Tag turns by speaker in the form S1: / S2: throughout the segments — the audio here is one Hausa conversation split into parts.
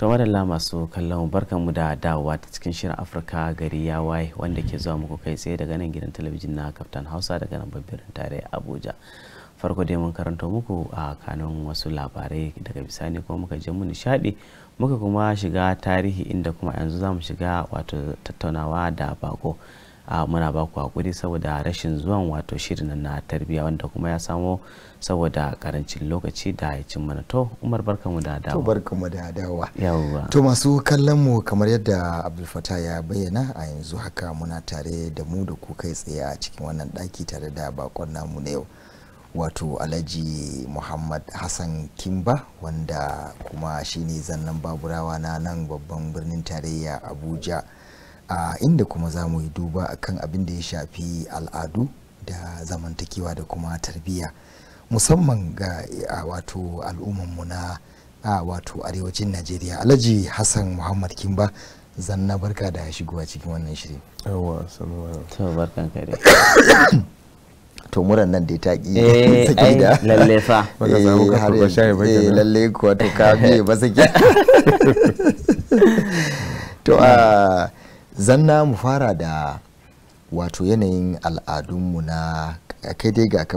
S1: to madalla masu kallon barkan mu da dawowa ta cikin shirin afirka gari ya waye wanda ke zuwa muku kai tsaye daga nan gidan talabijin na kaftan hausa daga nan babbirin tare abuja farko dai mun karanta muku a kanun wasu labarai daga bisani kuma muka je mu nishadi muka kuma shiga tarihi inda kuma yanzu za mu shiga wato tattaunawa da bako muna ba ku hakuri saboda rashin zuwan wato shirin na tarbiyya wanda kuma ya samo saboda karancin lokaci da ya cin mana to umar barkanmu da dawa to
S2: barkanmu da dawa yawwa to masu kallon mu kamar yadda abdul fata ya bayyana a yanzu haka muna tare da mu da ku kai tsaye a cikin wannan daki tare da bakon namu na yau wato alhaji muhammad hassan kimba wanda kuma shine zannan baburawa na nan babban birnin tarayya abuja a inda kuma za mu yi duba kan abin da ya shafi al'adu da zamantakewa da kuma tarbiyya musamman ga wato al'ummanmu na wato arewacin najeriya alhaji hassan muhammad kimba zanna barka da shigowa cikin wannan shiri to muran nan da ta ki eh, da lalle fa eh, eh, lalle kuwa to ka biye ba saki to a zanna mu fara da wato yanayin al'adunmu na kai dai ga ka ke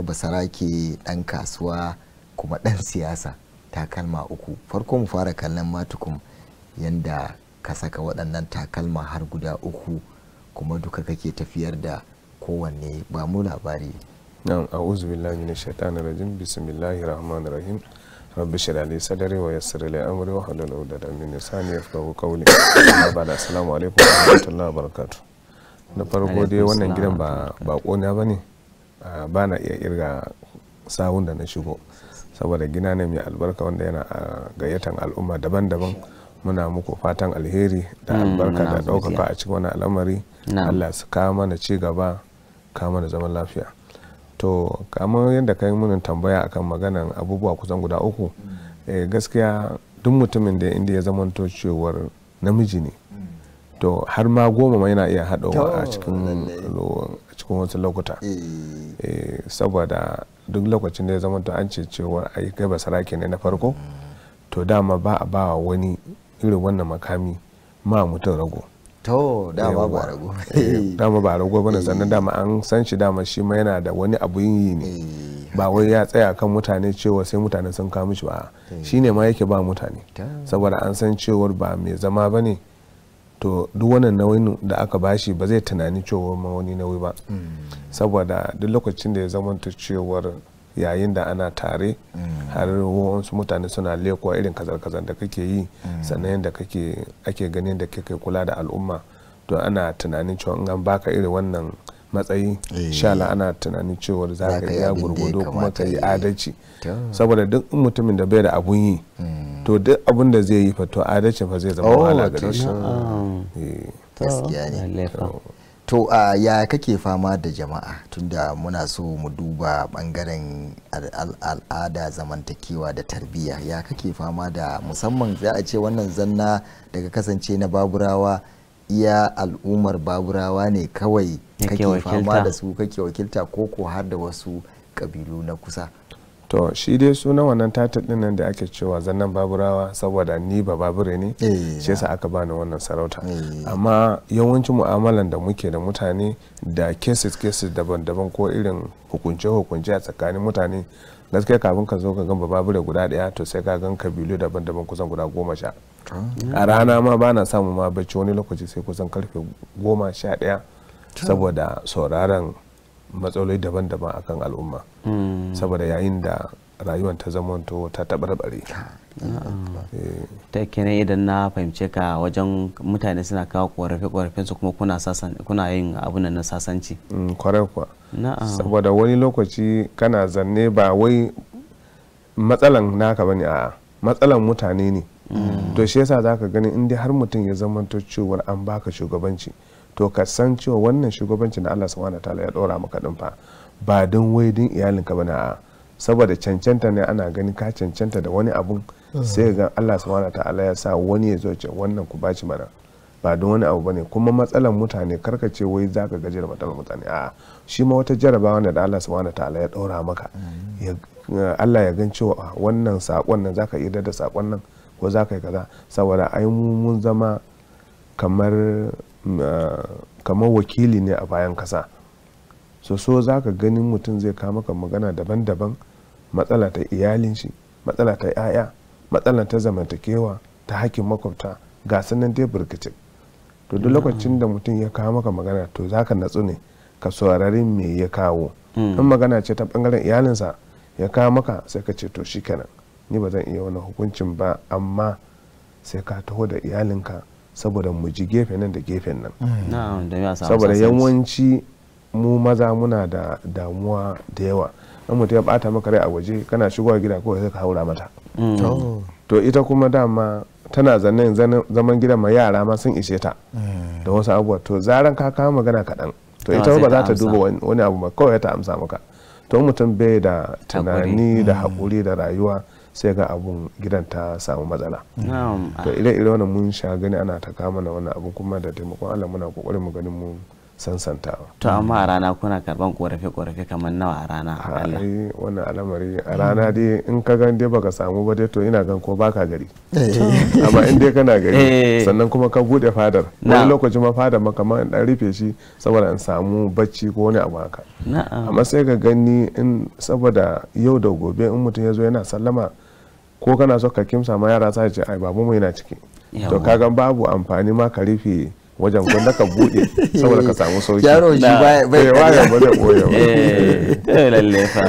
S2: ɗan kasuwa kuma ɗan siyasa takalma uku farko mu fara kallon matukum yanda ka saka waɗannan takalma har guda uku kuma duka kake tafiyar da kowanne ba mu labari na'am a'udhu billahi minash shaitanir
S3: rajim bismillahir rahmanir rahim rabbi shirali sadari wa yassir li amri wa halal uqdatan min lisani yafqahu qawli amma da assalamu alaikum wa rahmatullahi wa barakatuh na farko dai wannan gidan ba bako ba bane ba na iya irga sawun da na shigo saboda gina ne mai albarka wanda yana a gayyatan al'umma daban-daban muna muku fatan alheri da mm, albarka da ɗaukaka a cikin wani al'amari allah su kama mana ci gaba kama da zaman lafiya to kamar yadda ka yi munin tambaya akan maganan abubuwa kusan guda uku eh, gaskiya duk mutumin da inda ya zamanto cewar namiji ne to har ma goma ma yana iya haɗawa a cikin wasu lokuta eh. Eh, saboda duk lokacin da ya zamanto an ce cewar a yi gaba sarake ne na farko to dama ba a ba wani irin wannan makami ma mutum rago
S2: to dama ba rago
S4: eh,
S3: dama ba rago bane eh. sannan dama an san shi dama shi ma yana da wani abu yi ne eh, ba wai ya tsaya kan mutane cewa sai mutane sun kawo shi ba shi ne ma yake ba mutane saboda an san cewar ba mai zama ba ne to duk wani nauyin da aka bashi ba zai tunani cewa ma wani nauyi ba mm. saboda duk lokacin da ya zama cewar yayin da ana tare har wasu mutane suna lekuwa irin kazar-kazar da kake yi sannan da kake ake ganin da kake kula da al'umma to ana tunanin cewa in an baka irin wannan matsayi eh. shala ana tunanin cewa za ka iya gurgudo kuma ka yi adalci saboda duk mutumin da bai da abun yi hmm. to duk abun da zai yi fa to
S2: adalci fa zai zama oh, wahala gare shi eh. to a ya kake fama da jama'a tunda muna so mu duba bangaren al'ada zamantakewa da tarbiyya ya kake fama da musamman za a ce wannan zanna daga kasance na baburawa iya al'ummar baburawa ne kawai kake fama da su kake wakilta ko ko har da wasu kabilu na kusa
S3: to shi dai sunan wannan tatadin nan da ake cewa zannan baburawa saboda ni ba babure ne eh. shi yasa aka bani wannan sarauta eh. amma yawancin mu'amalan da muke da mutane da cases cases daban-daban ko irin hukunce hukunce a tsakanin mutane gaskiya kafin ka zo ka gan babure guda daya to sai ka gan kabilu daban-daban kusan guda goma sha
S4: ah. a rana
S3: ma bana samu ma bacci wani lokaci sai kusan karfe goma sha daya saboda sauraron matsaloli daban-daban a kan al'umma hmm. saboda yayin
S1: da rayuwar ta zamanto ta taɓarɓare eh. ta kenan idan na fahimce ka wajen mutane suna kawo korafe-korafen kuma kuna sasan kuna yin abun na sasanci kwarai mm, saboda wani lokaci kana zanne ba
S3: wai matsalan naka bane a matsalan mutane ne hmm. to shi yasa zaka gani in har mutum ya zamanto cewar an baka shugabanci to ka san cewa wannan shugabanci da Allah subhanahu wataala ya dora maka din fa ba don wai din iyalinka bane bana saboda cancanta ne ana gani ka cancanta da wani abun sai ga Allah subhanahu wataala ya sa wani ya zo wannan ku baci mana ba don wani abu bane kuma matsalar mutane karka ce wai zaka gajiyar da mutane a shi ma wata jarabawa ne da Allah subhanahu wataala ya dora maka Allah ya gan cewa ah, wannan sakon nan zaka iya da sakon nan ko zaka yi kaza saboda ai mu mun zama kamar kamar wakili ne a bayan kasa so so za ka ganin mutum zai kama ka magana daban-daban matsala ta iyalin shi matsala ta 'ya'ya matsala ta zamantakewa ta hakkin makwabta ga sanan dai burkace to duk lokacin da mutum ya kawo maka magana to za ka natsu ne ka saurari me ya kawo hmm. in magana ce ta bangaren iyalinsa ya kawo maka sai ka ce to shi shikenan ni ba zan iya wani hukuncin ba amma sai ka taho da iyalinka saboda mu ji gefen nan da gefen nan
S1: mm. saboda yawanci
S3: mu maza muna da damuwa da yawa In mutum ya bata maka rai a waje kana shigowa gida kawai sai ka haura mata mm. to ita kuma dama tana zanen zaman gidan ma yara ma sun ishe ta mm. da wasu abubuwa to zaran ka kama magana kaɗan to ita ba za ta duba wani abu ba kawai ta amsa maka to mutum bai da tunani da haƙuri da rayuwa sai ga abun gidan ta samu matsala to idan ire wannan mun sha gani ana ta kama na wannan abun kuma da taimakon Allah muna kokarin mu ganin mun sansanta
S1: to amma a rana kuna karban korafe korafe kamar nawa a rana akalla wannan al'amari a rana
S3: dai in ka gan dai baka samu ba dai to ina gan ko baka gari eh. amma in dai kana gari eh. sannan kuma ka bude fadar wani lokaci ma fadar ma kamar in dan rufe shi saboda in samu bacci ko wani abu haka amma sai ka gani in saboda yau da gobe in mutum ya zo yana sallama ko kana so ka kimsa ma yara sai ce ai babu mu yana ciki to kaga babu amfani ma ka rufe wajen gwanda ka bude saboda ka samu
S2: sauki yaro shi eh, bai bai waya ba da koyo eh, eh, lalle fa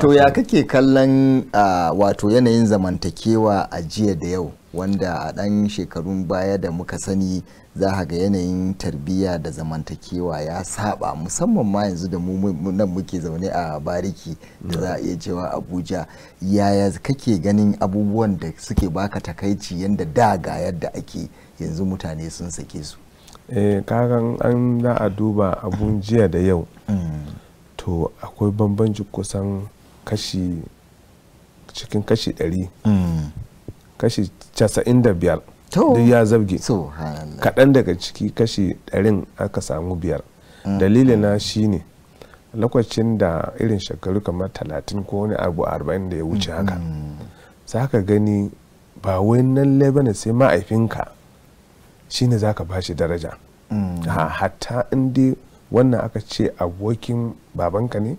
S2: to ya kake kallon ah, wato yanayin zamantakewa a jiya da yau wanda a ɗan shekarun baya da muka sani za a ga yanayin tarbiyya da zamantakewa ya saba musamman ma yanzu da mu nan muke zaune a bariki da za a iya cewa abuja yaya kake ganin abubuwan da suke baka takaici yadda da ga yadda ake yanzu mutane sun sake su
S3: eh, kakan an za a duba abun jiya da yau mm. to akwai bambanci kusan kashi cikin kashi ɗari mm. kashi 95 duk ya zabge kaɗan daga ciki kashi 100 aka samu biyar dalilina ne lokacin da irin shekaru kamar 30 ko wani abu 40 da ya wuce mm, haka mm. za ka gani ba wannan labanin sai ma'aifinka ne za ka shi daraja mm. hatta inda wannan aka ce abokin babanka ne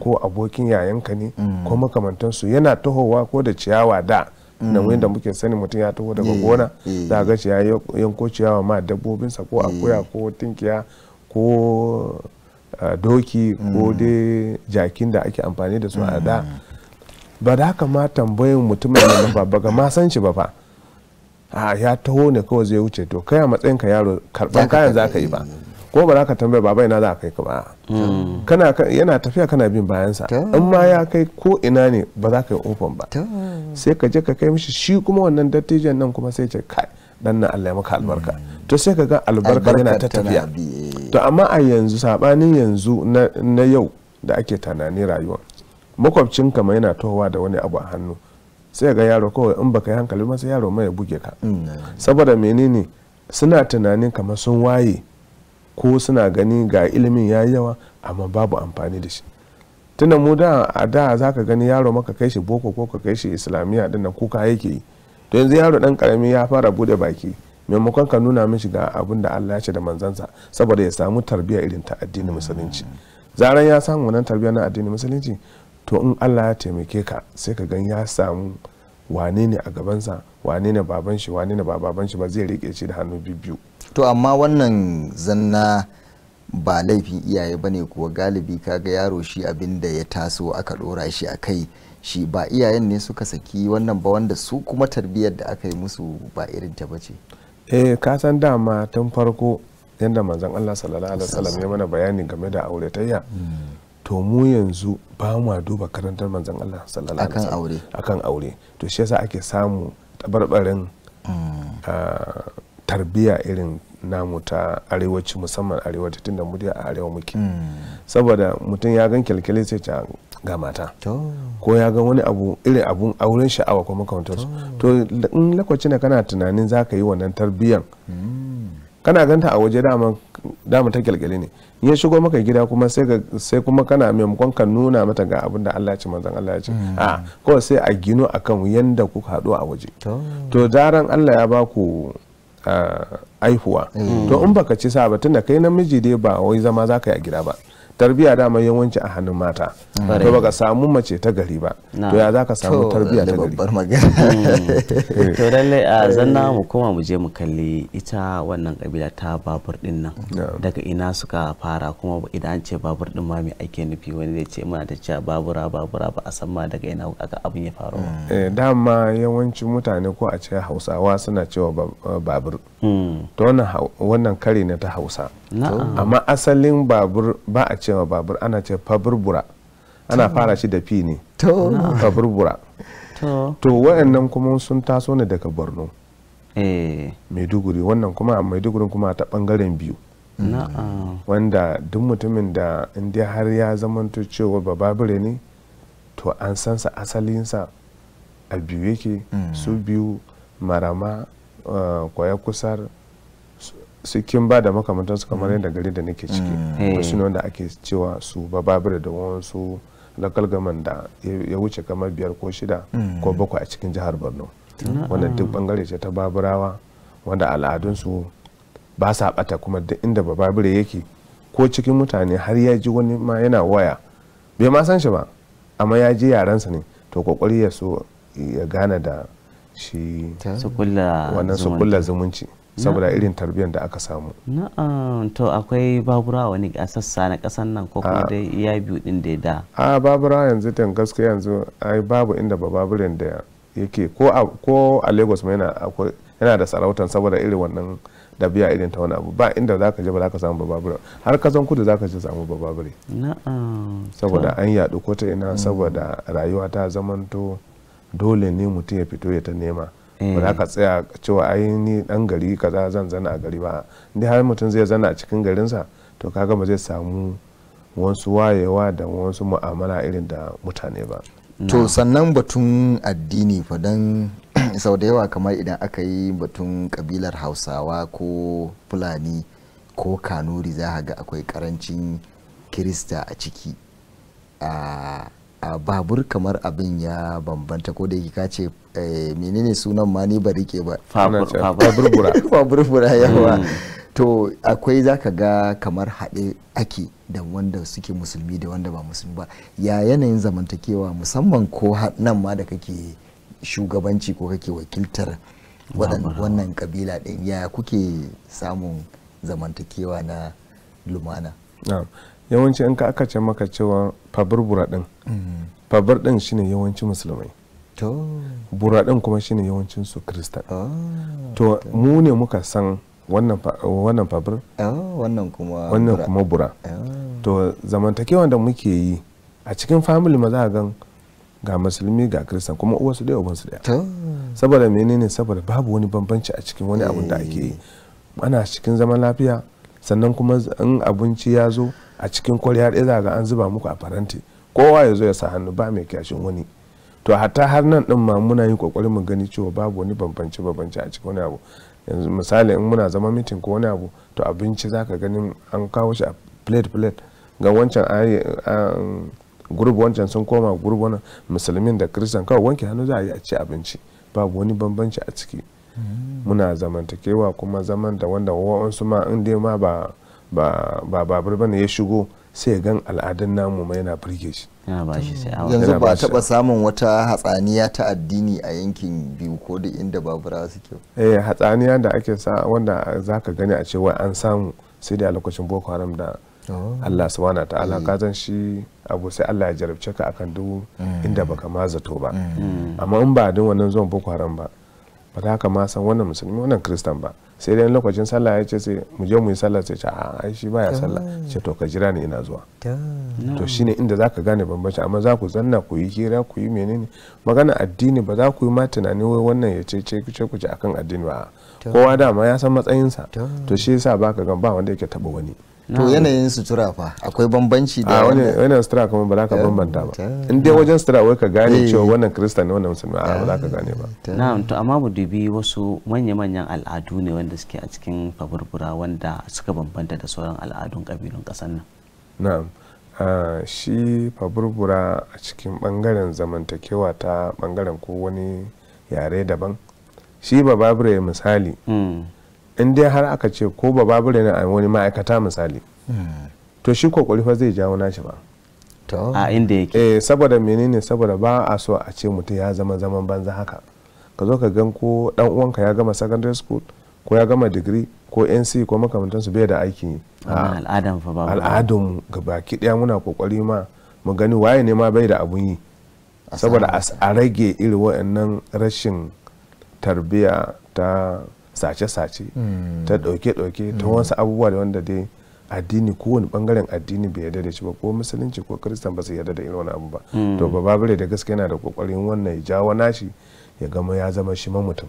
S3: ko abokin yayanka ne ko makamantansu yana tahowa ko da ciyawa da nan mm. da muke sani mutum ya taho daga gona za ga shi ya yanko ciyawa ma sa ko akuya ko tinkiya ko uh, doki ko mm. dai jakin da ake amfani da su a da mm. ba da haka ma tambayin mutumin ne ba ba ga ma san shi ba fa ah, ya taho ne kawai zai wuce to kai a matsayin yaro karban kayan za ka yi ba eh, ko ba za ka tambaya baba ina za a kai ka ba kana yana tafiya kana bin bayansa in ma ya kai ko ina ne ba za ka yi open ba sai ka je ka kai mishi shi kuma wannan dattijan nan kuma sai ce kai dan na Allah ya maka albarka mm. to sai ka ga albarka yana ta tafiya to amma a yanzu sabanin yanzu na yau da ake tanani rayuwa makwabcinka ma yana tohowa da wani abu a hannu sai ga yaro kawai in baka yi hankali masa yaro mai buge ka mm. saboda menene suna tunanin kamar sun waye ko suna gani ga ilimin ya yawa amma babu amfani da shi tunda mu da a da za ka gani yaro maka kai shi boko ko ka kai shi islamiyya dinnan kuka yake yi to yanzu yaro dan karami ya fara bude baki maimakon ka nuna mishi ga abin da Allah ya ce da manzansa saboda ya samu tarbiyya irin ta addinin musulunci zaran ya samu wannan tarbiyya na addinin musulunci to in Allah ya taimake ka sai ka gan ya samu wane ne a gabansa wane ne baban shi wane
S2: ne ba baban shi ba zai rike shi da hannu biyu to amma wannan zanna ba laifin iyaye bane kuwa galibi kaga yaro shi abinda ya taso aka dora shi a kai shi ba iyayen ne suka saki wannan ba wanda su kuma tarbiyyar da aka yi musu ba irin ta bace eh ka san dama tun farko yadda manzon Allah sallallahu alaihi wasallam ya
S3: mana bayani game da auratayya hmm. to mu yanzu ba mu duba karantar manzan Allah sallallahu akan aure akan aure to shi yasa ake samu tabarbarin mm. ah, tarbiya irin namu ta arewaci musamman arewaci da mudiya a arewa muke
S4: mm.
S3: saboda mutum ya gan kyalkyali sai ta ga mata ko ya ga wani abu irin abun auren sha'awa ko makamantarsu to in lokacin da kana tunanin za ka yi wannan tarbiyan mm. kana ganta a waje dama dama ta kyalkyale ne ya shigo maka gida kuma sai kuma kana maimakon ka nuna mata ga abin da Allah ya ce manzon Allah ya ce mm. a kawai sai a gino akan yanda kuka haɗu a waje to zaran Allah ya baku ah, aihuwa mm. to in baka ci sa ba tunda kai namiji dai ba wai zama zaka yi a gida ba tarbiya dama yawanci a hannun mata to baka samu mace ta
S1: gari ba to ya zaka samu tarbiya ta gari hmm. eh. to lalle a eh. zanna mu koma mu je mu kalli ita wannan kabila ta babur din nan daga ina suka fara kuma idan an ce babur din ma mai ake nufi wani zai ce muna ta cewa babura babura ba a san ma daga ina aka abin ya faru hmm. eh, dama yawancin mutane ko a ce hausawa suna
S3: cewa babur hmm. to wannan kare ne ta hausa amma asalin babur ba a cewa babur ana ce faburbura ana fara shi da fi ne faburbura to wa'annan kuma sun taso ne daga borno eh. maiduguri wannan kuma a maiduguri kuma ta bangaren biyu wanda duk mutumin da inda har ya zamanto cewa ba babure ne to an san sansa asalinsa a biyu yake mm. su biyu marama eh, kwaya kusar su kin ba da makamantansu kamar yadda mm. gari da nake ciki wasu mm. eh. ne wanda ake cewa su babura da wasu lakalgaman da ya wuce kamar biyar ko shida mm. ko bakwai a cikin jihar borno wanda duk bangare ce ta baburawa wanda al'adunsu ba sa bata kuma da inda babura yake ko cikin mutane har ya ji wani ma yana waya bai ma san shi ba amma ya ji yaransa ne to kokari ya so ya gane da shi wannan su kulla zumunci saboda irin tarbiyyar da aka samu
S1: na'am to akwai babura wani sassa na kasan nan ko kuma dai iya biyu din da da
S3: a babura yanzu tan gaskiya yanzu ai babu inda ba baburin da yake ko a lagos ma yana da sarautan saboda irin wannan da biya irin ta wani abu ba inda zaka je ba zaka samu babura har kasan kudu zaka je samu bababure saboda an yaɗu ko ta ina saboda rayuwa ta zamanto dole ne mutum ya fito ya ta nema ba za eh. ka tsaya cewa ai ni dan gari kaza zan zana a gari ba inda har mutum zai zana a cikin garinsa to kaga
S2: ba zai samu wasu wayewa da wasu mu'amala irin da mutane ba to sannan batun addini fa dan sau da yawa kamar idan aka yi batun kabilar hausawa ko fulani ko kanuri za ga akwai karancin kirista a ciki a ah, a babur kamar abin ya bambanta ko da yake ka ce eh, menene sunan ma ni ba rike ba babur bura yawa hmm. to akwai zaka ga kamar haɗe ake da wanda suke musulmi da wanda ba musulmi ba ya yanayin zamantakewa musamman ko nan ma da kake shugabanci ko kake wakiltar wannan kabila ɗin ya kuke samun zamantakewa na lumana
S3: yawanci in ka aka ce maka cewa fabir buraɗin mm. fabir ɗin shine yawanci musulmai buraɗin kuma shine yawancin su krista ah, to mu ne muka san wannan fabir
S2: ah, wannan kuma
S3: bura ah. to zamantakewa da muke yi a cikin family za a gan ga musulmi ga kristan kuma uwarsu ɗaya ubansu ɗaya saboda menene saboda babu wani bambanci a cikin wani abun da ake yi eh. ana cikin zaman lafiya sannan kuma in abinci ya zo a cikin kwarya ɗaya za ga an zuba muku a faranti kowa ya zo ya sa hannu ba mai kyashin wani to hatta har nan din ma muna yi kokarin mu gani cewa babu wani bambance bambance a cikin wani abu yanzu misali in muna zama mitin ko wani abu to abinci zaka gani an kawo shi a plate plate ga wancan gurbi wancan sun koma gurbi wannan musulmin da kiristan kawai wanke hannu za a yi a ci abinci babu wani bambanci a ciki hmm. muna zamantakewa kuma zaman da wanda wa'ansu ma in dai ma ba ba babur bane ya shigo sai gan al'adun namu mai yana birge shi yanzu ba taba
S2: samun wata hatsaniya ta addini a yankin biyu ko da inda babura suke
S3: eh hatsaniya da ake sa wanda zaka gani a cewa an samu sai da lokacin boko haram da oh. Allah subhanahu wa ta'ala eh. ka zan shi abu sai Allah ya jarabce ka akan duk mm. inda baka ma zato ba mm. Mm. amma in ba din wannan zuwan boko haram ba ba za ka ma san wannan musulmi wannan kristan ba sai dai lokacin sallah ya ce sai mu je mu yi sallah sai ce a ai shi baya sallah ce to ka jira ni ina zuwa to shine inda zaka gane bambanci amma za ku zanna ku yi hira ku yi menene magana addini ba za ku yi ma tunani wai wannan ya ce ce kuce kuce akan addini ba kowa dama ya san matsayinsa to shi yasa baka ga ba wanda yake taba wani to yanayin
S1: sutura fa akwai bambanci da wani
S3: sutura kuma ba za ka bambanta ba in dai wajen sutura wai ka gane eh. cewa wannan krista ne wannan musulmi a ba za ka eh. gane ba na'am
S1: amma mu dubi wasu manya-manyan al'adu ne wanda suke a cikin kaburbura wanda suka bambanta da sauran al'adun kabilun kasar nan na'am shi faburbura a cikin bangaren
S3: zamantakewa ta bangaren ko wani yare daban shi ba babure misali hmm. in dai har aka ce ko ba babure na a wani ma'aikata misali to shi kokari fa zai jawo nashi ba a inda yake eh saboda menene saboda ba a so a ce mutum ya zama zaman banza haka ka zo ka gan ko dan uwanka ya gama secondary school ko ya gama degree ko nc ko makamantansu bai da aiki
S1: al'adan fa ba
S3: al'adun gabaki daya muna kokari ma mu gani waye ne ma bai da abun yi saboda a rage irin wa'annan rashin tarbiya ta sace-sace hmm. ta ɗauke-ɗauke ta hmm. wasu abubuwa da wanda dai addini kowane bangaren addini bai yarda da shi ba ko musulunci ko kristan ba su yarda da irin wani abu ba hmm. to ba babure da gaske yana da kokarin wannan ya jawo nashi ya gama ya zama shi ma mutum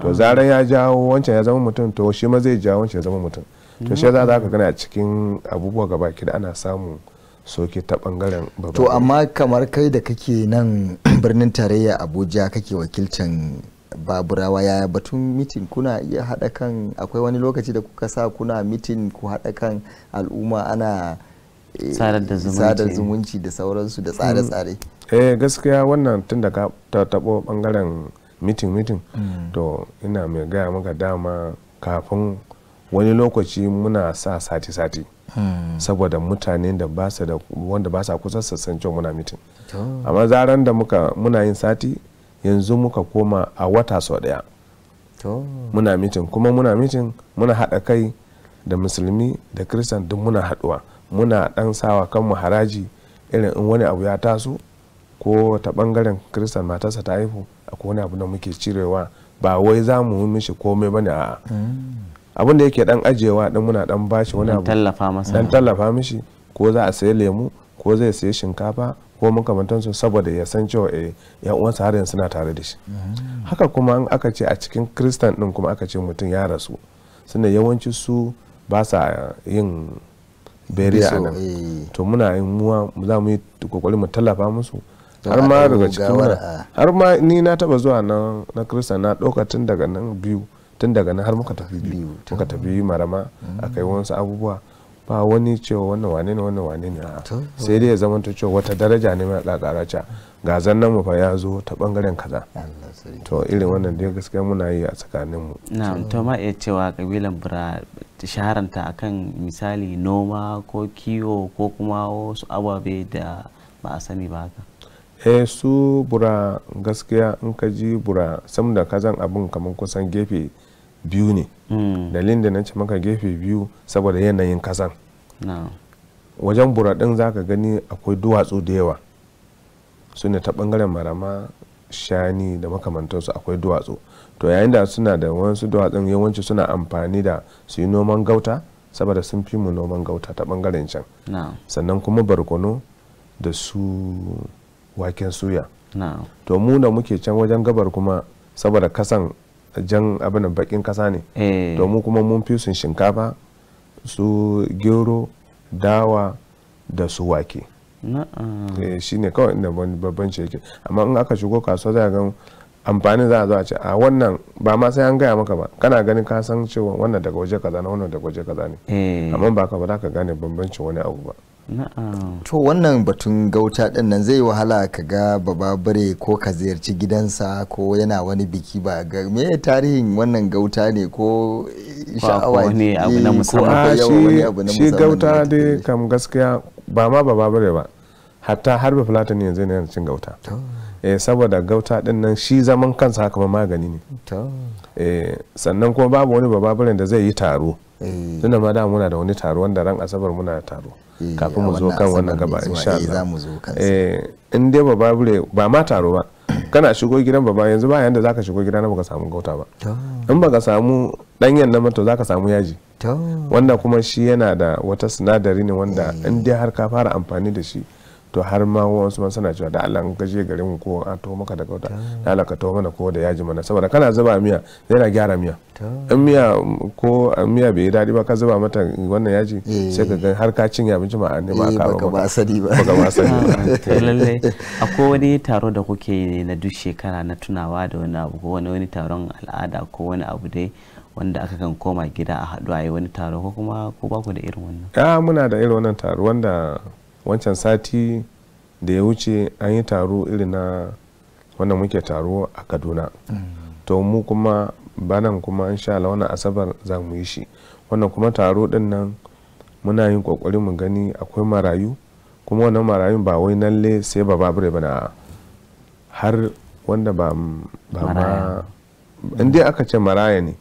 S3: to zarar ya jawo wancan ya zama mutum to shi ma zai jawo wancan ya zama mutum to shi za ka gana a cikin abubuwa gaba da ana samu soke ta bangaren to
S2: amma kamar kai da kake nan birnin tarayya abuja kake wakilcin baburawa yaya batun mitin kuna iya haɗa kan akwai wani lokaci da kuka sa kuna mitin ku haɗa kan al'umma ana eh, sadar zumunci da sauransu da tsare-tsare mm. eh gaskiya
S3: wannan tun da ka taɓo ɓangaren mitin mitin mm. to ina mai gaya maka dama kafin wani lokaci muna sa sati-sati mm. saboda mutane da ba su da wanda ba sa kusa sassan cewa muna mitin amma zaran da muka muna yin sati yanzu muka koma a wata sau daya muna mitin kuma muna mitin muna haɗa kai da musulmi da kristan duk muna haɗuwa muna ɗan sawa kanmu haraji irin in wani abu ya taso ko ta ɓangaren kristan matarsa ta haihu a wani abu da muke cirewa ba wai za mu mishi komai ba ne a'a
S4: mm.
S3: abin da yake dan ajiyewa din muna dan bashi wani abu
S1: dan
S3: tallafa mishi ko za a sayi lemu ko zai sayi shinkafa ko makamantansu saboda ya san cewa eh, yan uwansa har yanzu suna tare da shi haka kuma in aka ce a cikin kristan din kuma aka ce mutum ya rasu suna yawanci su ba sa yin beriya a nan eh. to muna yin muwa za mu yi kokari mu tallafa musu har ma daga cikin har ma ni na taba zuwa na na kristan na ɗauka tun daga nan biyu tun daga nan har muka tafi biyu muka tafi marama mm. a kai wasu abubuwa ba wani cewa wannan wane ne wannan wane ne sai dai ya zama zamanta cewa wata daraja ne mai ɗaɗaraca ga zannan mu fa ya zo ta bangaren kaza to irin wannan dai gaskiya muna yi a tsakanin mu
S1: na'am to ma iya cewa kabilan bura shaharanta akan misali noma ko kiwo ko kuma wasu ababe da ba a sani ba haka
S3: eh su bura gaskiya in ka ji bura sam da kazan abun kamar kusan gefe biyu ne Hmm. dalilin da na ce maka gefe biyu saboda yanayin kasan wajen buraɗin za ka gani akwai duwatsu da yawa su ta ɓangaren marama shani da makamantansu akwai duwatsu to yayin da suna da wasu duwatsun yawanci suna amfani da su yi noman gauta saboda sun fi mu noman gauta ta ɓangaren can sannan kuma barkono da su waken suya to mu da muke can wajen gabar kuma saboda kasan jan abin bakin kasa ne eh. to mu kuma mun fi sun shinkafa su gero dawa da su wake eh, shi ne kawai inda babban ce yake amma in aka shigo kasuwa za ga amfani za a zo a ce a wannan ba ma sai an gaya maka ba kana ganin ka san cewa wannan daga waje kaza na wannan daga waje kaza ne eh. amma ba ka ba za ka gane bambancin wani abu ba
S2: to wannan batun gauta din nan zai wahala ka ga bababare ko ka ziyarci gidansa ko yana wani biki ba ga me tarihin wannan gauta ne ko
S1: sha'awa ne abu na musamman shi gauta
S2: dai
S3: kam gaskiya ba ma bababare ba hatta har ba ne yanzu yana cin gauta eh saboda gauta din nan shi zaman kansa haka magani ne eh, sannan kuma babu wani bababaren da zai yi taro Eh. tunda ma da muna da wani taro wanda ran asabar muna da taro eh, kafin eh, mu zo kan wannan gaba insha Allah eh in dai ba bure ba ma taro ba kana shigo gidan baba yanzu ba yanda zaka shigo gidan baka samu gauta ba in baka samu danyen nan to zaka samu yaji wanda kuma shi yana da wata sinadari ne wanda in dai har ka fara amfani da shi to har ma wasu man na cewa da Allah ka je garin mu ko a to maka daga wata da Allah ka to mana ko da yaji mana saboda kana zuba miya yana gyara miya in miya ko miya bai yi daɗi ba ka zuba mata wannan yaji eh. sai ka ga har ka
S1: cinye abinci ma an eh, ba ka ba ba sani ba ba ba sani ba lalle akwai wani taro da kuke yi na duk shekara na tunawa da wani abu ko wani wani taron al'ada ko wani abu dai wanda aka kan koma gida a haɗu a yi wani taro ko kuma ko ba ku da irin wannan a ah, muna da irin
S3: wannan taro wanda wancan sati da ya wuce an yi taro irin na wanda muke taro a kaduna to mu kuma banan kuma insha Allah wannan asabar za mu yi shi wannan kuma taro din nan muna yin kokari mu gani akwai marayu kuma wannan marayu ba wai lalle sai ba babure na har wanda ba ba ma in dai aka ce maraya ne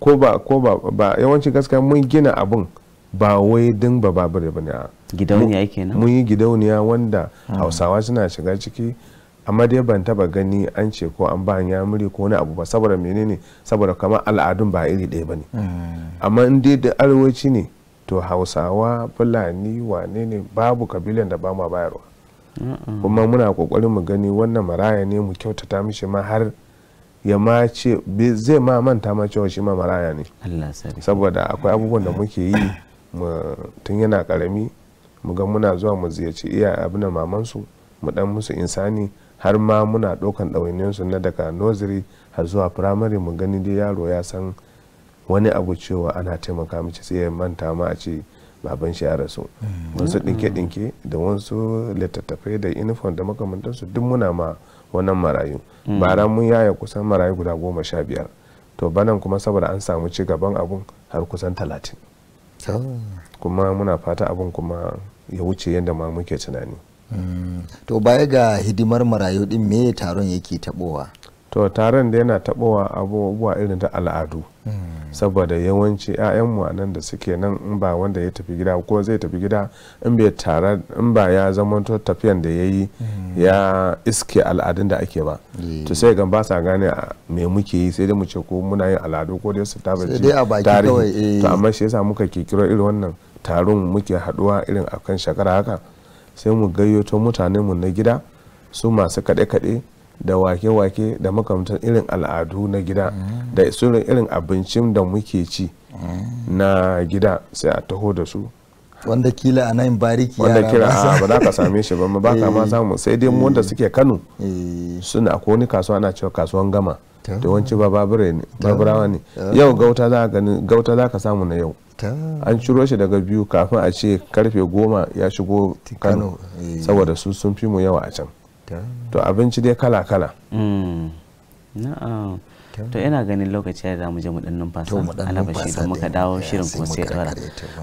S3: ko ba ko ba yawanci gaskiya mun gina abun ba wai din ba babure na gidauniya kenan mun yi gidauniya wanda hausawa suna shiga ciki amma dai ban taba gani an ce ko an ba muri ko wani abu ba saboda menene saboda kamar al'adun ba iri ɗaya bane
S1: hmm.
S3: amma in dai da arewaci ne to hausawa fulani wane ne babu kabilan da ba mu bayarwa kuma muna kokarin mu gani wannan maraya ne mu kyautata mishi ma har ya ma ce zai ma manta ma cewa shi ma maraya ne saboda akwai abubuwan da muke yi tun yana karami mu ga muna zuwa mu ziyarci iya abin da mamansu mu dan musu insani har ma muna ɗaukan su na daga nursery har zuwa primary mu gani dai yaro ya san wani abu cewa ana taimaka mace sai ya manta ma a ce baban shi ya rasu wasu mm. ɗinke-ɗinke da wasu littattafai da uniform da su duk muna ma wannan marayu mm. bara mun yaya kusan marayu guda goma sha biyar to banan kuma saboda an samu ci gaban abun har kusan talatin oh. kuma muna fata abin kuma ya wuce yadda ma muke tunani mm. to
S2: baya ga hidimar
S3: marayu din me taron yake tabowa to taron da yana tabowa abubuwa irin ta al'adu mm. saboda yawanci 'ya'yanmu a nan da suke nan in ba wanda ya tafi gida ko zai tafi gida in bai tara in ba ya zama tafiyan da ya yi mm. ya iske al'adun da ake ba eh. to sai gan ba sa gane me muke yi sai dai mu ce ko muna yin al'adu ko dai su tabbaci tarihi eh. to amma shi yasa muka kikiro irin wannan taron muke haduwa irin akan shekara haka sai mu gayyato mutane mu na gida su masu kaɗe-kaɗe da wake-wake da makamantan irin al'adu na gida da irin abincin da muke ci na gida sai a taho da su
S2: wanda kila a nan bariki wanda kila a ba za ka same shi ba ma ba ka ma eh. samu
S3: sai dai mu wanda suke eh. kano eh. suna ko ni kasuwa ana cewa kasuwan gama da wanci ba baburawa ne yau gauta za ka samu na yau an ciro shi daga biyu kafin a ce karfe goma ya shigo kano eh. saboda su sun fi mu yawa a can to abinci dai kala-kala
S1: hmm. to ina ganin lokaci ya damu je mu dan numfasa alabashi da muka dawo shirin kuma sai dora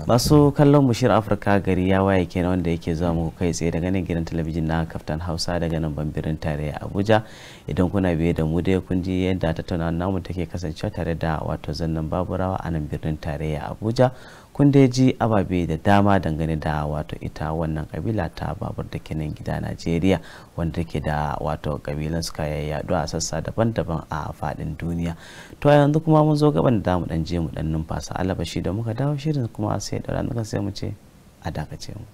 S1: masu kallon mu shirin Afirka gari ya waye kenan wanda yake zuwa muku kai tsaye daga nan gidan talabijin na Kaftan Hausa daga nan bambirin tarayya Abuja idan kuna biye da mu dai kun ji yadda tattaunawa namu take kasancewa tare da wato zannan baburawa a nan birnin tarayya Abuja kun da ji ababe da dama dangane da wato ita wannan kabila ta babur da kenan gida najeriya wanda ke da wato kabilan suka yayyadu a sassa daban-daban a fadin duniya to yanzu kuma mun zo gaban da mu dan je mu dan numfasa alabashi da muka dawo shirin kuma sai da ranar sai mu ce a dakace mu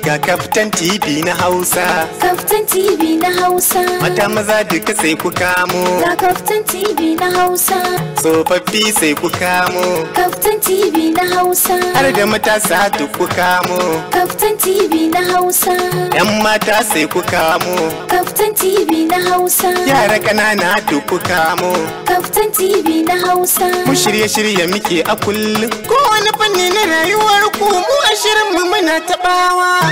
S5: ga Captain TV na Hausa.
S4: Captain TV na Hausa.
S5: Mata maza duka sai ku kamo. Ga
S4: Captain TV na Hausa.
S5: Tsofaffi sai ku kamo.
S4: Captain TV na Hausa.
S5: Har da matasa duk ku kamo.
S4: Captain TV na Hausa.
S5: Yan mata sai ku kamo.
S4: Captain TV na Hausa. Yara ƙanana
S5: duk ku kamo.
S4: Captain TV na Hausa. Mu
S5: shirye-shirye muke a kullum. Kowane fanni na rayuwar ku mu a shirin mu muna taɓawa.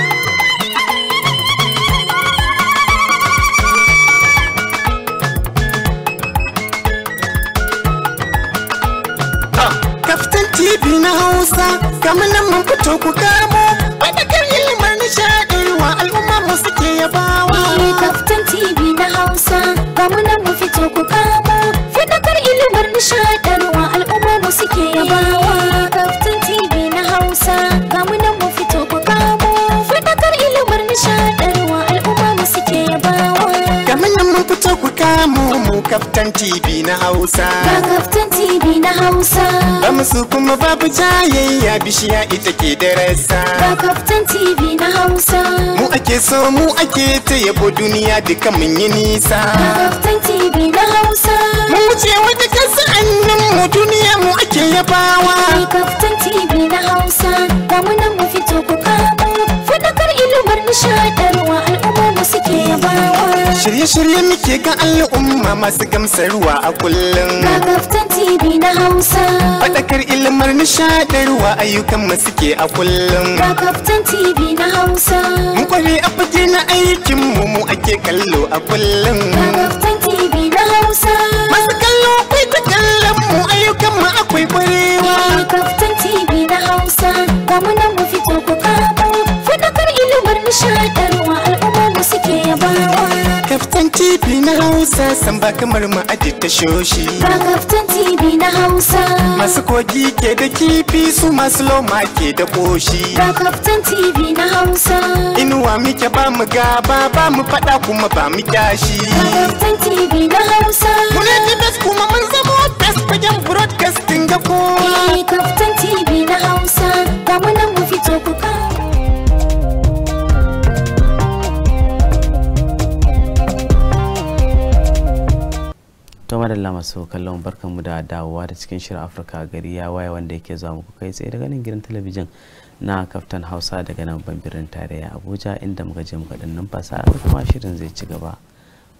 S5: TV na Hausa kamar nan mun fito ku kamo fadakar ilimin nishaɗi
S4: wa al'umma mu suke yabawa. Eh Kaftan TV na Hausa kamar nan mun fito ku kamo.
S5: kaftan TV na Hausa. Ba kaftan TV na Hausa. Ba musu kuma babu jayayya bishiya ita ke darasa. Ba kaftan TV na Hausa. Mu ake so mu ake ta yabo duniya duka mun yi nisa. Ba kaftan TV na Hausa. Mu wuce wata kasa annan mu duniya mu ake yabawa.
S4: Ba kaftan TV na Hausa. Ba mu nan mu fito ku kama. Fadakar ilimar nishadarwa al'umma. suke bawa
S5: shirye-shirye muke ga al'umma masu gamsar gamsarwa a kullum ga
S4: kaftan tv na hausa
S5: faɗakar ilimar nishadarwa. ayyukan mu suke a kullum ga kaftan tv na hausa mu kware a fage na aikin mu mu ake kallo a kullum ga kaftan tv na hausa masu kallo kai ta kallon mu ayyukan mu akwai kwarewa
S4: ga kaftan tv na hausa ga mu nan mu fito ku karɓo faɗakar ilimar
S5: nishadarwa. suke yabawa kaftan tv na hausa san ba kamar mu aji ta shoshi
S4: ba kaftan tv na hausa
S5: masu kogi ke da kifi su masu loma ke da koshi ba kaftan tv na hausa inuwa muke ba mu gaba ba mu fada kuma ba mu kyashi ba kaftan tv na hausa mun di best kuma mun zamo best fagen broadcasting ga kowa eh
S4: kaftan tv na hausa ba mu nan mu fito ku
S1: lamar masu kallon barkanmu da dawowa da cikin shirin afirka gari ya waye wanda yake zuwa muku kai tsaye daga nan gidan talabijin na kaftan hausa daga nan bambirin tarayya abuja inda muka je muka fasa numfasa kuma shirin zai ci gaba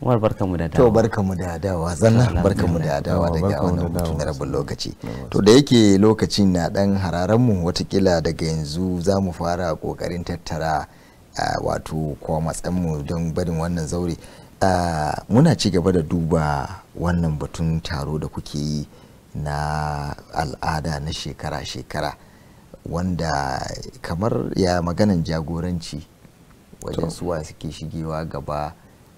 S1: Umar barka da dawowa. To barka
S2: da dawa zanna barka da dawa daga wannan mutum na rabin lokaci. To da yake lokacin na dan hararan mu watakila daga yanzu za mu fara kokarin tattara ah, wato kwa matsayin mu don barin wannan zaure muna ci gaba da duba wannan batun taro da kuke yi na al'ada na shekara-shekara wanda kamar ya maganan jagoranci wajen suwa suke shigewa gaba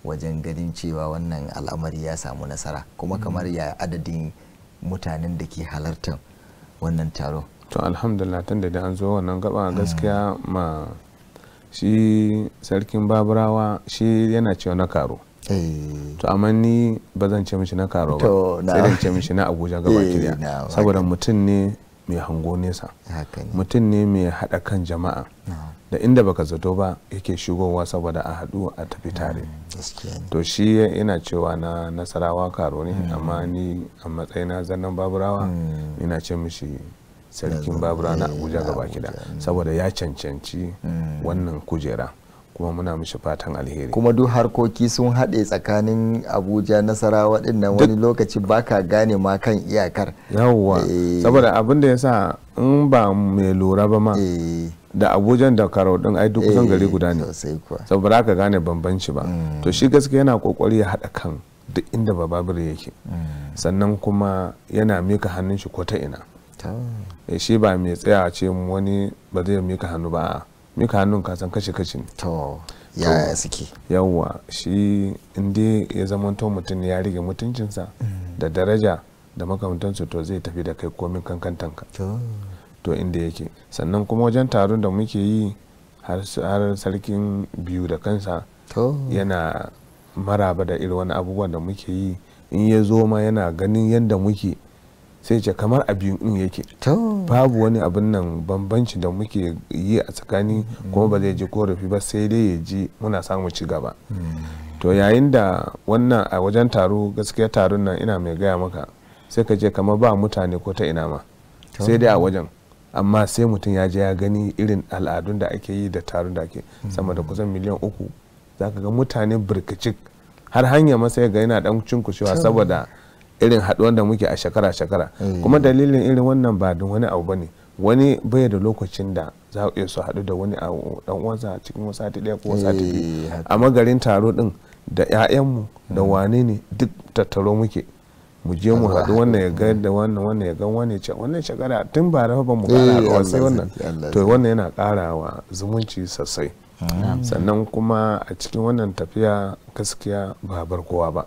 S2: wajen ganin cewa wannan al'amari ya samu nasara kuma kamar mm. ya adadin mutanen da ke halartar wannan taro
S3: to alhamdulillah tun da an zo wannan gaba mm. gaskiya ma shi sarkin baburawa shi yana cewa na karo Eh. to amma ni ba zan ce mishi na karo ba sai zan ce mishi na abuja gaba eh, daya saboda mutum ne mai hango nesa mutum ne mai haɗa kan jama'a da inda baka zato ba yake shigowa saboda a haɗu a tafi hmm, tare to shi yana cewa na nasarawa karo ne hmm. amma ni a matsayina zannan baburawa hmm. ina ce mishi sarkin babura na abuja gaba kida saboda ya cancanci wannan kujera kuma muna mishi fatan alheri kuma
S2: duk harkoki sun haɗe tsakanin abuja nasarawa dinnan wani lokaci baka gane ma kan iyakar
S3: yawwa eh. saboda abin da ya sa in ba mai lura ba ma eh. da abujan da karau din ai duk kusan gari eh, guda ne saboda ka gane bambanci ba mm. to shi gaskiya yana kokari ya haɗa kan duk inda babur yake mm. sannan kuma yana mika hannun shi ko ta ina shi ba mai tsaya ce wani ba zai mika hannu ba mika hannun kasan kashe-kashe ne to
S2: ya suke
S3: yawwa shi inda ya zamanto mutum ya rige mutuncinsa mm. da daraja da makamantansu to zai tafi da kai komin kankantanka to inda yake sannan kuma wajen taron da muke yi har sarkin biyu da kansa yana maraba da irin wani abubuwan da muke yi in ya zo ma yana ganin yadda muke sai ce kamar a biyu din yake babu wani abin nan bambanci da muke yi a tsakani kuma ba zai ji korafi ba sai dai ya ji muna samun ci gaba hmm. to yayin da wannan a wajen taro gaskiya taron nan ina mai gaya maka sai ka je kamar ba mutane ko ta ina ma sai dai a wajen amma sai mutum ya je ya gani irin al'adun da ake yi da taron da ake hmm. sama da kusan miliyan uku zaka ga mutane birkicik har hanya masa ya ga yana dan cinkushewa saboda irin haɗuwan da muke a shekara-shekara eh. kuma dalilin irin wannan ba da wani abu bane wani bai da lokacin da za iya su haɗu da wani dan uwansa cikin sati ɗaya ko sati biyu eh, amma garin taro ɗin da 'ya'yanmu da hmm. wane ne duk tattaro muke mu je mu haɗu wannan ya ga da wannan wannan ya ga wani ce wannan shekara tun ba da ban mu ƙara eh, haɗuwa sai wannan to wannan yana ƙarawa zumunci sosai hmm. sannan kuma a cikin wannan tafiya gaskiya ba bar kowa ba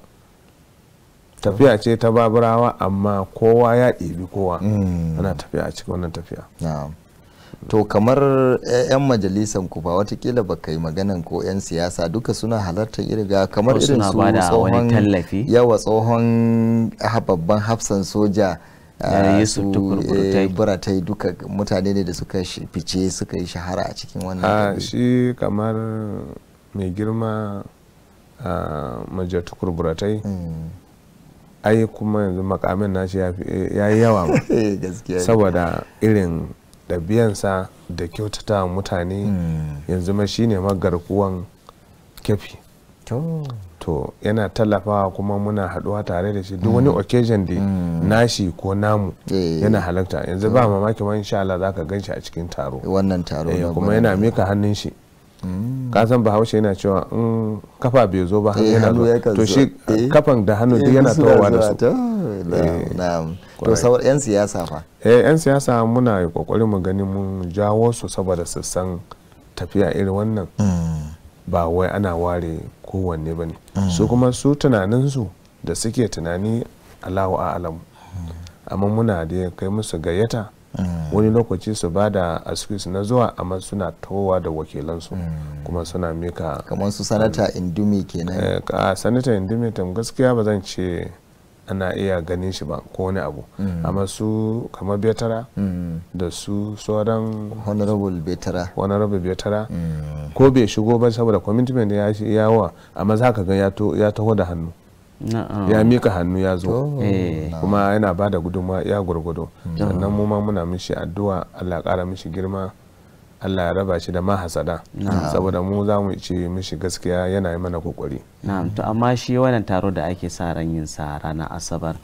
S2: tafiya ce ta baburawa amma kowa ya ɗibi kowa hmm. ana tafiya a cikin wannan tafiya to kamar 'yan majalisan ku ba watakila ba yi maganan ko 'yan siyasa duka suna halartar irga kamar irin su tsohon yawa tsohon ah, babban hafsan soja ah, eh, su eh, buratai duka mutane ne da suka fice suka yi shahara a cikin wannan ah,
S3: shi kamar mai girma majatukur buratai hmm. ai kuma yanzu makamin nashi ya yi yawa ba eh, saboda irin ɗabi'ansa da kyautata mutane hmm. yanzu ma shine magarkuwan kefi to yana tallafawa kuma muna haɗuwa tare da shi duk wani hmm. occasion da hmm. nashi ko namu eh. yana halarta yanzu ba mamaki wani insha Allah zaka gan shi a cikin taro wannan taro eh, kuma yana mika hannun shi ka san bahaushe yana cewa in kafa bai zo ba eh, yana zo to shi eh. kafan da hannu duk eh, yana tawa da su to sabar
S2: yan siyasa fa
S3: eh yan siyasa muna kokari mu gani mun jawo su saboda su san tafiya irin wannan hmm. ba wai ana ware kowanne bane hmm. su kuma su tunanin su da suke tunani Allahu a'lamu hmm. amma muna da kai musu gayyata Mm. wani lokaci su ba da excuse na zuwa amma suna towa da wakilansu mm. kuma suna mika kamar su sanata eh,
S2: indumi kenan eh,
S3: a sanata indumi tam gaskiya ba zan ce ana iya ganin shi ba ko wani abu mm. amma su kamar betara da su sauran honorable betara honorable betara ko bai shigo ba saboda commitment ya yawa amma za ka ga ya taho da hannu ya mika hannu ya zo oh. eh. kuma yana ba da gudunmawa ya gwargwado hmm. sannan mu ma muna mishi addu'a allah ƙara mishi girma allah ya raba shi da mahasada saboda mu za mu ce mishi gaskiya yana yi mana kokari
S1: to amma shi wannan taro da ake sa ran yin sa rana asabar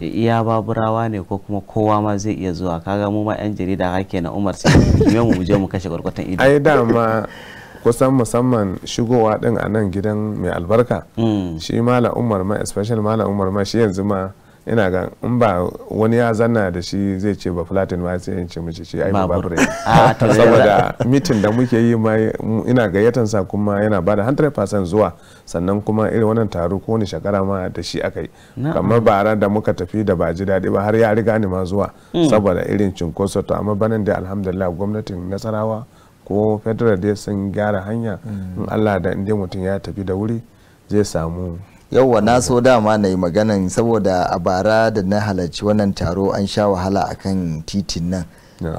S1: iya baburawa ne ko kuma kowa ma zai iya zuwa kaga mu ma yan jarida hake na umar sai mu je mu kashe gwargwaton ido ai dama kusan
S3: musamman shigowa din a nan gidan mai albarka mm. shi mala umar ma especially mala umar ma shi yanzu ma ina ga in ba wani ya zanna da shi zai ce ba flatin ma sai in ce mace ce ai babur ne ah, saboda mitin da muke yi ma ina gayyatan sa kuma yana bada 100% zuwa sannan kuma irin wannan taro ko ni shekara ma da shi akai kamar bara da muka tafi da ba ji daɗi ba har ya riga ni ma zuwa mm. saboda irin cinkoso to amma banan da alhamdulillah gwamnatin nasarawa ko federal dai sun gyara hanya
S2: mm. in allah da inda mutum ya tafi da wuri zai samu yauwa na so dama na yi maganan saboda a bara da na halarci wannan taro an sha wahala a kan titin nan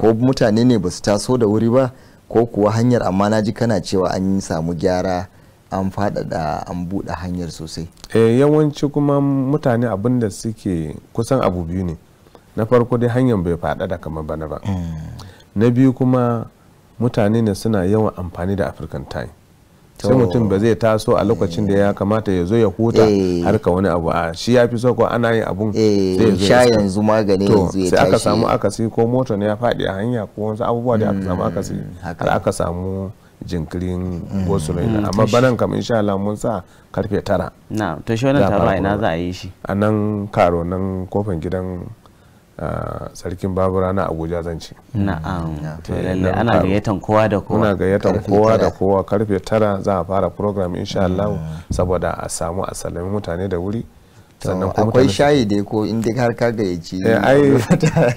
S2: ko mutane ne ba su taso da wuri ba ko kuwa hanyar amma na ji kana cewa an samu gyara an faɗaɗa an buɗe hanyar sosai
S3: eh yawanci kuma mutane abin da suke kusan abu biyu ne na farko dai hanyar bai faɗaɗa kamar bana ba mm. na biyu kuma mutane ne suna yawan amfani da african time sai mutum ba zai taso a lokacin da ya kamata ya zo ya huta eh. har ka wani abu a shi ya fi so ko ana yin abun eh, sha yanzu magani yanzu ya tashi sai aka samu akasi ko mota ne ya faɗi a hanya ko wasu abubuwa da aka samu hmm, akasi har aka samu jinkirin hmm, wasu raina hmm, amma banan kam insha Allah mun sa karfe tara na to shi wannan taro ina za a yi shi a nan karo nan kofin gidan sarkin babura na abuja zan
S1: ce na'am ana gayyatan
S3: kowa da kowa muna gayyatan kowa da kowa karfe tara za a fara program insha Allah saboda a samu asalin mutane da wuri sannan kuma akwai
S2: shayi dai ko in dai har ka gayyaci eh, ai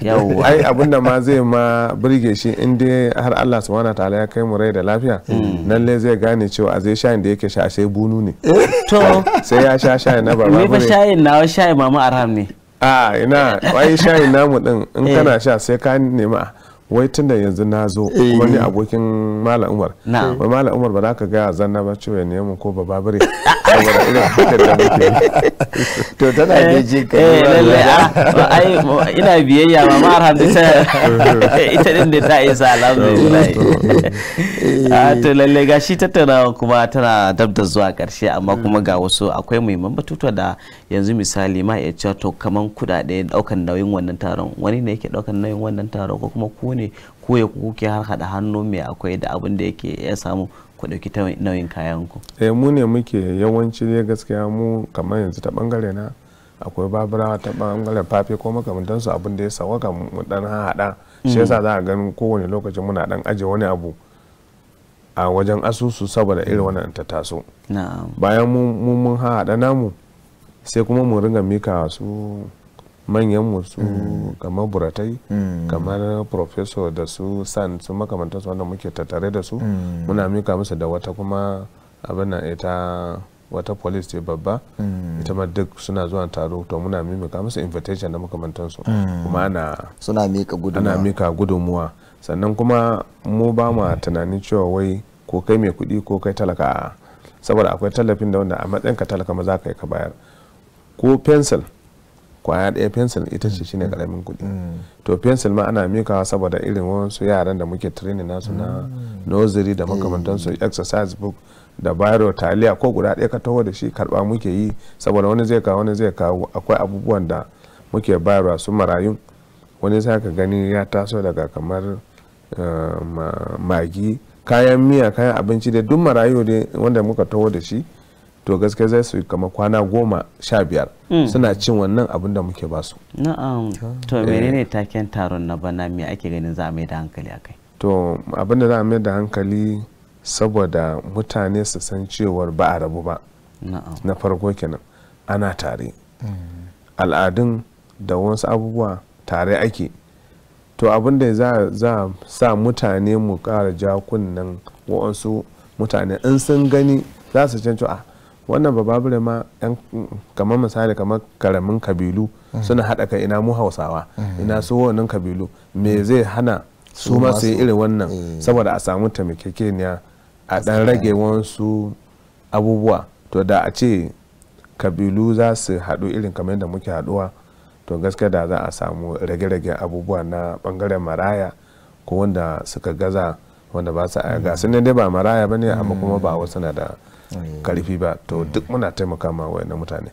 S2: ai abinda ma zai
S3: ma burge shi in dai har Allah subhanahu ta'ala ya kai mu rai da lafiya nan hmm. le zai gane cewa a zai shayin da yake sha sai bunu ne eh, to sai ya sha shayin na baba ne ba shayin
S1: nawa shayin mama aram ne a ina wai shayi namu din in eh. kana sha sai ka nema
S3: wai tun da yanzu na zo eh. wani abokin malam umar wai malam umar ba za ka gaya zanna ba cewa nemi ko ba saboda irin fitar da muke to
S2: tana da eh, ji ka eh lalle ah, ai
S1: ina biyayya ma ma ta ita din da ta isa alhamdulillah a ah, to eh. lalle gashi tattaunawa kuma tana dabda zuwa karshe amma mm. kuma ga wasu akwai muhimman batutuwa da yanzu misali ma ya cewa to kaman kudade daukan nauyin wannan taron wani ne yake daukan nauyin wannan taron ko kuma ku ne ko ya kuke har hada hannu mai akwai da abin da yake ya samu ku dauki nauyin kayan ku eh mu
S3: ne muke yawanci ne gaskiya mu kamar yanzu ta bangare na akwai babura ta bangaren fafe ko su abin da ya sawaka mu dan haɗa shi mm. yasa za a ganin kowane lokaci muna dan aje wani abu a wajen asusu saboda irin wannan ta taso bayan mu mun haɗa namu sai kuma mu ringa mika su manyan su mm. kamar buratai mm. kamar professor da su san su makamantansu wanda muke tattare da su mm. muna mika musu da wata kuma abin ita wata police ce babba ita ma duk suna zuwa taro to muna mimika musu invitation da su. kuma ana suna mika gudunmuwa ana mika gudunmuwa sannan kuma mu ba mu tunanin cewa wai ko kai mai kuɗi ko kai talaka saboda akwai tallafin da wanda a matsayin ka talaka ma za ka yi ka bayar ko pencil kwaya ɗaya fensil ita ce shine karamin mm. kuɗi mm. to fensil ma ana mikawa saboda irin wasu yaran da muke training nasu na mm. nursery da makamantansu eh. exercise book da biro taliya ko guda ɗaya ka taho da shi karɓa muke yi saboda wani zai kawo wani zai kawo akwai abubuwan da muke bayarwa su marayun wani sai ka gani ya taso daga kamar eh, magi kayan miya kayan abinci da duk marayu wanda muka taho da shi to gaskiya zai su kama kwana goma sha biyar
S4: hmm.
S1: suna
S3: cin wannan abin da muke basu
S1: na'am to eh. menene taken taron na bana me ake ganin za a mai da hankali akai
S3: to abin da za a mai da hankali saboda mutane su san cewar ba a rabu ba na farko kenan ana tare hmm. al'adun da wasu abubuwa tare ake to abin da za sa mutane mu kara jakunan wa'ansu mutane in sun gani za su a wannan bababure ma yan kamar misali kamar karamin kabilu mm-hmm. suna haɗa kai ina mu hausawa mm-hmm. ina su wannan kabilu me mm-hmm. zai hana su ma su yi irin wannan eh. saboda a samu taimakekeniya a ɗan rage wasu abubuwa to da a ce kabilu za su haɗu irin kamar da muke haɗuwa to gaskiya da za a samu rage-rage abubuwa na bangaren maraya ko wanda suka gaza wanda ba su a ga su dai ba maraya ba ne amma kuma ba wasu na da karfi mm. ba to mm. duk muna taimaka ma wayannan mutane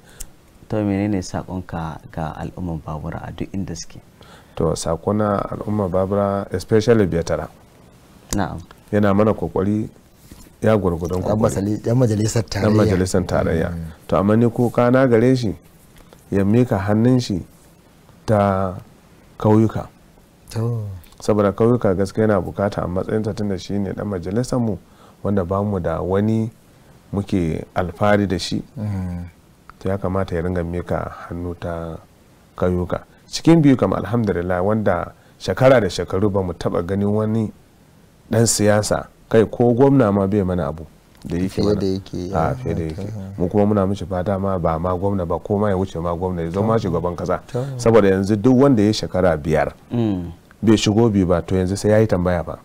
S3: to menene sakonka ga al'umman babura a duk inda suke to na al'ummar babura especially biyatara na'am yana mana kokari ya gwargwadon kokari
S2: dan majalisar
S3: tarayya mm. to amma ni ko ka na gare shi ya mika hannun shi ta kauyuka saboda kauyuka gaskiya yana bukata a matsayin ta tunda shine dan majalisar mu wanda bamu da wani muke alfahari da shi mm. ya kamata ya ringa mika hannu ta kayuka cikin biyu kam alhamdulillah wanda shekara da shekaru ba mu taba ganin wani dan siyasa kai ko gwamna ma bai mana abu da yake mana a eh, fiye da yake eh. mu kuma muna mishi fata ma ba ma gwamna ba ko ma ya wuce ma gwamna ya zama shugaban kasa saboda yanzu duk wanda ya shekara biyar mm. bai shigo biyu ba to yanzu sai ya yi tambaya ba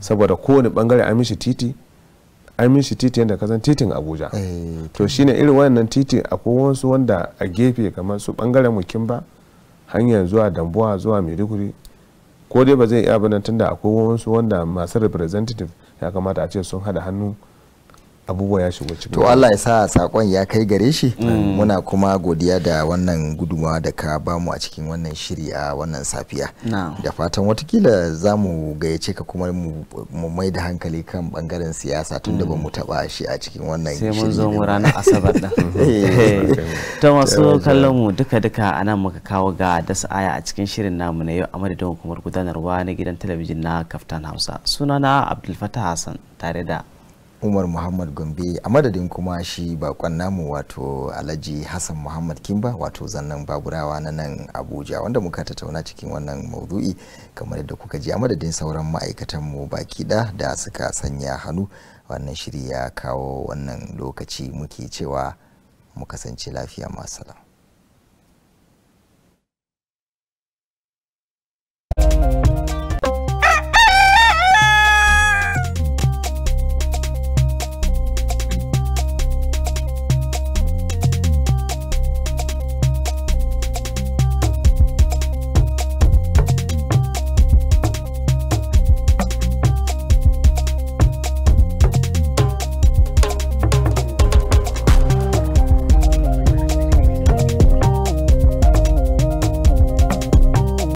S3: saboda kowane bangare an mishi titi an min titin da kazan titin abuja eh, to shine irin wannan titin akwai wasu wanda a gefe kamar su bangaren mukin ba hanyar zuwa dambuwa zuwa maiduguri ko dai ba zai iya abin tunda akwai wasu wanda masu representative ya kamata a ce sun hada hannu
S2: abubuwa ya shigo cikin to Allah ya sa sakon ya kai gare shi mm. muna kuma godiya da wannan gudunmawa da ka bamu a cikin wannan shiri a wannan safiya da fatan watakila za mu gayyace ka kuma mu mai da hankali kan bangaren siyasa tun da ba mm. taba shi a cikin wannan shiri sai mun zo mu ranar asabar da eh. ta masu kallon
S1: mu duka duka anan muka kawo ga dasa aya a cikin shirin namu na yau a madadin hukumar gudanarwa na gidan talabijin na kaftan hausa sunana abdul fatah hassan tare da
S2: umar muhammad gombe a madadin kuma shi bakon namu wato alhaji hassan muhammad kimba wato zannan baburawa na nan abuja wanda muka tattauna cikin wannan maudu'i kamar yadda kuka ji a madadin sauran ma'aikatanmu baki da da suka sanya hannu wannan shiri ya kawo wannan lokaci muke cewa mu kasance lafiya masu thank